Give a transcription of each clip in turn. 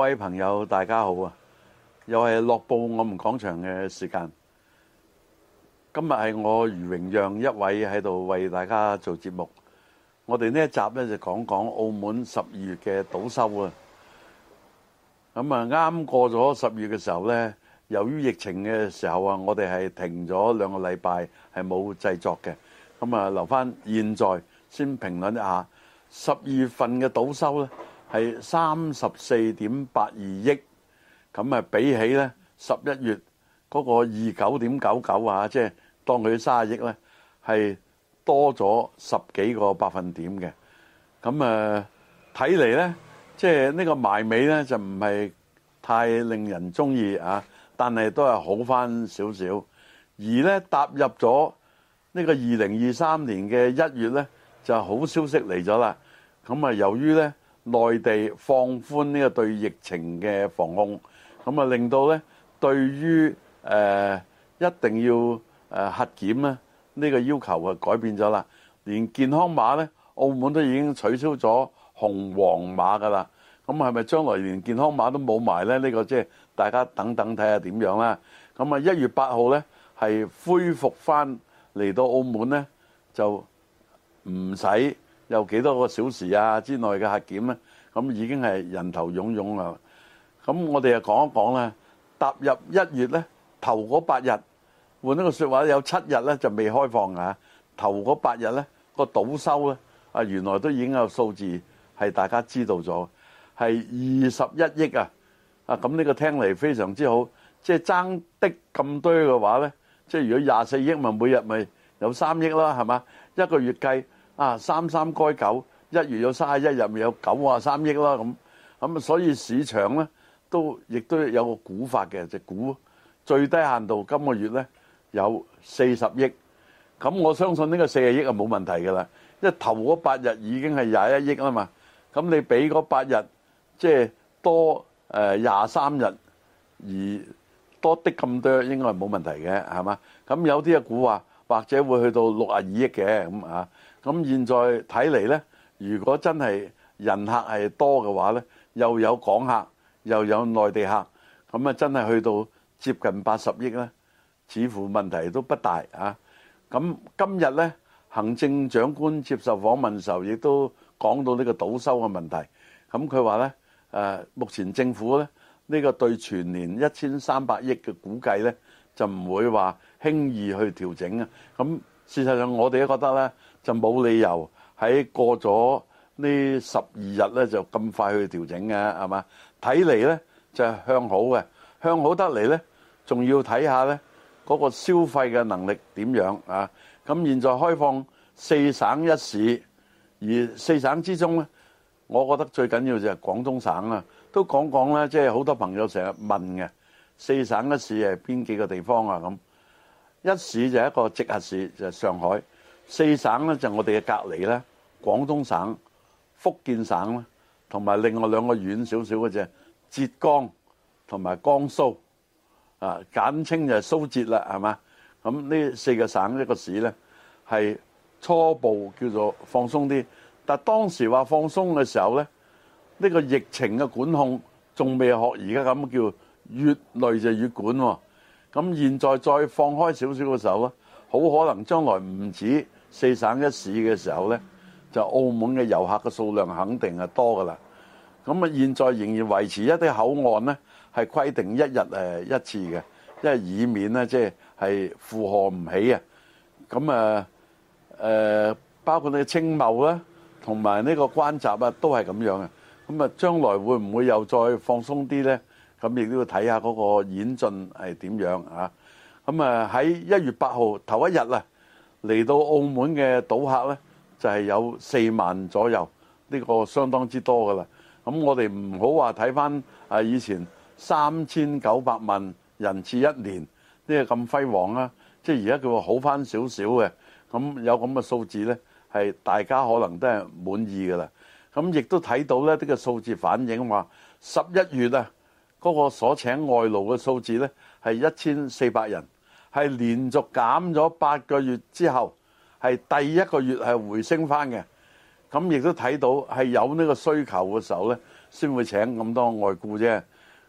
各位朋友，大家好啊！又係《樂報》我們講場嘅時間。今日係我余榮讓一位喺度為大家做節目。我哋呢一集咧就講講澳門十二月嘅賭收啊！咁啊，啱過咗十二月嘅時候呢，由於疫情嘅時候啊，我哋係停咗兩個禮拜，係冇製作嘅。咁啊，留翻現在先評論一下十二月份嘅賭收呢。係三十四點八二億，咁啊，比起咧十一月嗰個二九點九九啊，即係當佢卅億咧，係多咗十幾個百分點嘅。咁誒，睇嚟咧，即係呢個埋尾咧就唔係太令人中意啊，但係都係好翻少少。而咧踏入咗呢個二零二三年嘅一月咧，就好消息嚟咗啦。咁啊，由於咧。內地放寬呢個對疫情嘅防控，咁啊令到呢對於誒一定要誒核檢呢呢個要求啊改變咗啦，連健康碼呢，澳門都已經取消咗紅黃碼噶啦，咁係咪將來連健康碼都冇埋呢？呢、呢個即係大家等等睇下點樣啦。咁啊一月八號呢，係恢復翻嚟到澳門呢，就唔使有幾多個小時啊之內嘅核檢咧？咁已經係人頭湧湧啊！咁我哋又講一講啦。踏入一月咧，頭嗰八日換一個説話，有七日咧就未開放㗎嚇。頭嗰八日咧個倒收咧，啊原來都已經有數字係大家知道咗，係二十一億啊！啊咁呢個聽嚟非常之好，即係爭的咁多嘅話咧，即係如果廿四億咪每日咪有三億啦，係嘛？一個月計。啊！三三該九，一月有三十一日，咪有九啊三億啦。咁咁啊，所以市場咧都亦都有個估法嘅，即、就是、估最低限度今個月咧有四十億。咁我相信呢個四十億就冇問題㗎啦，因為頭嗰八日已經係廿一億啦嘛。咁你俾嗰八日即係多誒廿三日而多的咁多，應該係冇問題嘅，係嘛？咁有啲嘅估話，或者會去到六啊二億嘅咁啊。咁現在睇嚟呢，如果真係人客係多嘅話呢，又有港客，又有內地客，咁啊，真係去到接近八十億呢，似乎問題都不大啊。咁今日呢，行政長官接受訪問時候，亦都講到呢個賭收嘅問題。咁佢話呢，誒目前政府呢，呢個對全年一千三百億嘅估計呢，就唔會話輕易去調整啊。咁事實上，我哋都覺得呢。就冇理由喺過咗呢十二日咧就咁快去調整嘅係嘛？睇嚟咧就係向好嘅，向好得嚟咧，仲要睇下咧嗰個消費嘅能力點樣啊。咁現在開放四省一市，而四省之中咧，我覺得最緊要就係廣東省啊，都講講咧，即係好多朋友成日問嘅，四省一市係邊幾個地方啊？咁一市就係一個直轄市，就係上海。四省呢，就是、我哋嘅隔離呢廣東省、福建省啦，同埋另外兩個遠少少嘅啫，浙江同埋江蘇，啊簡稱就係蘇浙啦，係嘛？咁呢四個省一個市呢，係初步叫做放鬆啲，但當當時話放鬆嘅時候呢，呢、呢個疫情嘅管控仲未學而家咁叫越累就越管喎、哦。咁現在再放開少少嘅時候呢，好可能將來唔止。四省一市嘅時候呢，就澳門嘅遊客嘅數量肯定係多噶啦。咁啊，現在仍然維持一啲口岸呢，係規定一日誒一次嘅，因為以免呢，即係係負荷唔起啊。咁啊誒，包括咧青茂啦，同埋呢個關閘啊，都係咁樣嘅。咁啊，將來會唔會又再放鬆啲呢？咁亦都要睇下嗰個演進係點樣啊。咁啊，喺一月八號頭一日啊。嚟到澳門嘅賭客呢，就係、是、有四萬左右，呢、這個相當之多噶啦。咁我哋唔好話睇翻誒以前三千九百萬人次一年呢、這個咁輝煌啦，即係而家佢話好翻少少嘅。咁有咁嘅數字呢，係大家可能都係滿意噶啦。咁亦都睇到呢啲嘅數字反映話十一月啊，嗰、那個所請外勞嘅數字呢，係一千四百人。係連續減咗八個月之後，係第一個月係回升翻嘅。咁亦都睇到係有呢個需求嘅時候咧，先會請咁多外僱啫。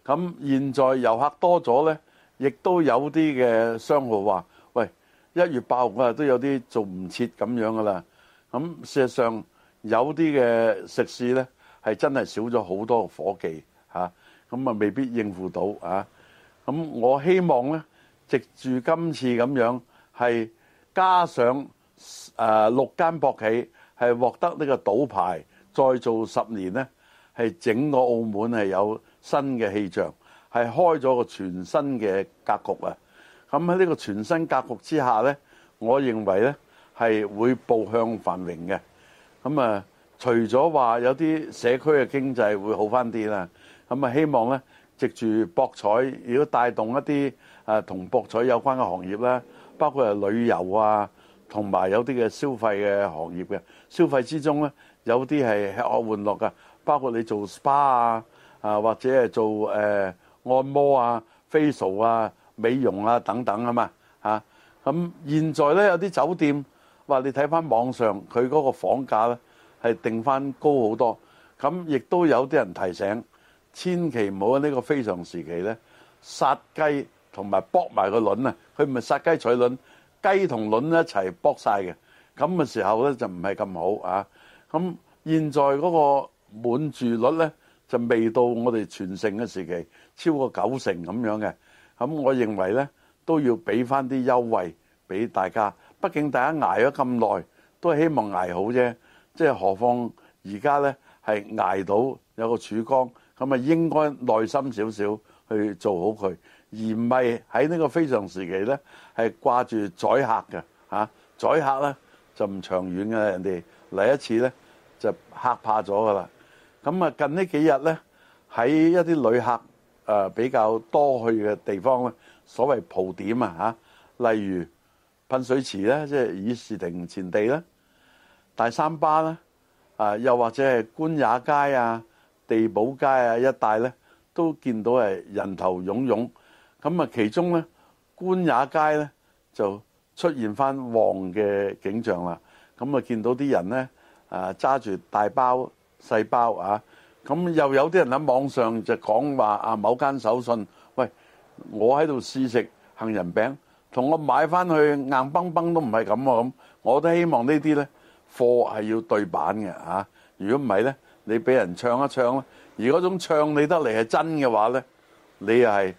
咁現在遊客多咗咧，亦都有啲嘅商戶話：喂，一月八號啊，都有啲做唔切咁樣噶啦。咁事實上有啲嘅食肆咧係真係少咗好多個伙計嚇，咁啊未必應付到啊。咁我希望咧。藉住今次咁樣係加上誒、呃、六間博企係獲得呢個賭牌，再做十年呢，係整個澳門係有新嘅氣象，係開咗個全新嘅格局啊！咁喺呢個全新格局之下呢，我認為呢係會步向繁榮嘅。咁啊，除咗話有啲社區嘅經濟會好返啲啦，咁啊，希望呢藉住博彩如果帶動一啲。啊，同博彩有關嘅行業啦，包括誒旅遊啊，同埋有啲嘅消費嘅行業嘅消費之中咧，有啲係吃喝玩樂嘅，包括你做 SPA 啊，啊或者係做誒按摩啊、facial 啊、美容啊等等啊嘛嚇。咁現在咧有啲酒店話你睇翻網上佢嗰個房價咧，係定翻高好多。咁亦都有啲人提醒，千祈唔好喺呢個非常時期咧殺雞。同埋卜埋個卵啊！佢唔係殺雞取卵，雞同卵一齊卜曬嘅咁嘅時候咧，就唔係咁好啊。咁現在嗰個滿住率咧就未到我哋全盛嘅時期，超過九成咁樣嘅。咁我認為咧都要俾翻啲優惠俾大家，畢竟大家挨咗咁耐，都係希望挨好啫。即係何況而家咧係挨到有個曙光咁啊，應該耐心少少去做好佢。而唔係喺呢個非常時期咧，係掛住宰客嘅嚇、啊、宰客咧就唔長遠嘅。人哋嚟一次咧就嚇怕咗㗎啦。咁啊，近幾呢幾日咧喺一啲旅客誒比較多去嘅地方咧，所謂蒲點啊，例如噴水池咧，即係議事亭前地啦，大三巴啦，啊又或者係官也街啊、地堡街啊一帶咧，都見到係人頭湧湧。咁啊，其中咧官也街咧就出現翻旺嘅景象啦。咁啊，見到啲人咧啊，揸住大包細包啊。咁、啊、又有啲人喺網上就講話啊，某間手信，喂，我喺度試食杏仁餅，同我買翻去硬崩崩都唔係咁啊咁。我都希望呢啲咧貨係要對版嘅嚇、啊。如果唔係咧，你俾人唱一唱啦、啊。而嗰種唱你得嚟係真嘅話咧，你又係。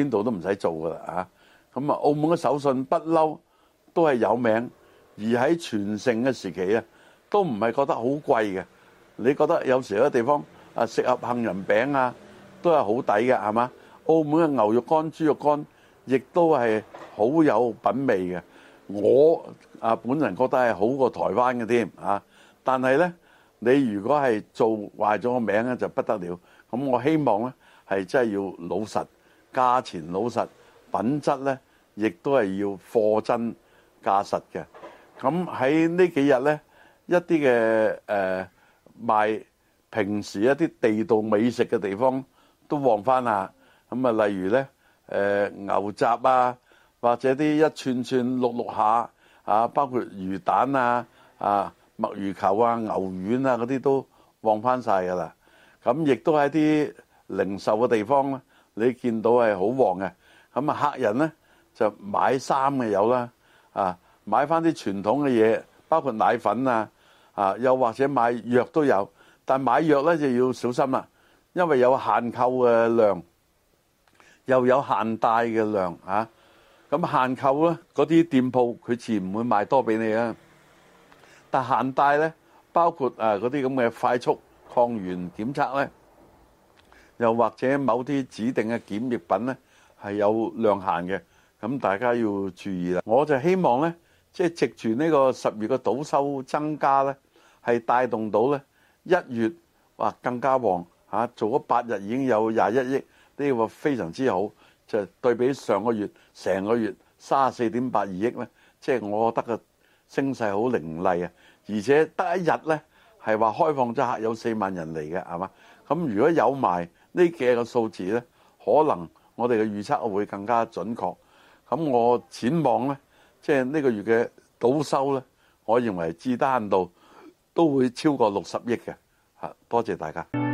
邊度都唔使做噶啦啊！咁啊，澳門嘅手信不嬲，都係有名。而喺全盛嘅時期啊，都唔係覺得好貴嘅。你覺得有時有啲地方啊，食盒杏仁餅啊，都係好抵嘅，係嘛？澳門嘅牛肉乾、豬肉乾，亦都係好有品味嘅。我啊本人覺得係好過台灣嘅添啊。但係咧，你如果係做壞咗個名咧，就不得了。咁我希望咧，係真係要老實。價錢老實，品質呢亦都係要貨真價實嘅。咁喺呢幾日呢，一啲嘅誒賣平時一啲地道美食嘅地方都旺翻啦。咁啊，例如呢誒、呃、牛雜啊，或者啲一,一串串碌碌下啊，包括魚蛋啊、啊墨魚球啊、牛丸啊嗰啲都旺翻晒㗎啦。咁亦都喺啲零售嘅地方呢。你見到係好旺嘅，咁啊客人呢，就買衫嘅有啦，啊買翻啲傳統嘅嘢，包括奶粉啊，啊又或者買藥都有，但買藥呢，就要小心啦，因為有限購嘅量，又有限帶嘅量啊。咁限購呢，嗰啲店鋪佢自然唔會賣多俾你啊。但限帶呢，包括啊嗰啲咁嘅快速抗原檢測呢。又或者某啲指定嘅檢疫品咧，係有量限嘅，咁大家要注意啦。我就希望咧，即係藉住呢個十二月嘅賭收增加咧，係帶動到咧一月哇更加旺嚇，做咗八日已經有廿一億，呢個非常之好。就對比上個月成個月三十四點八二億咧，即係我覺得個升勢好凌厲啊！而且得一日咧係話開放咗，客有四萬人嚟嘅係嘛。咁如果有賣，呢幾個數字呢，可能我哋嘅預測會更加準確。咁我展望呢，即係呢個月嘅賭收呢，我認為至低限度都會超過六十億嘅。吓。多謝大家。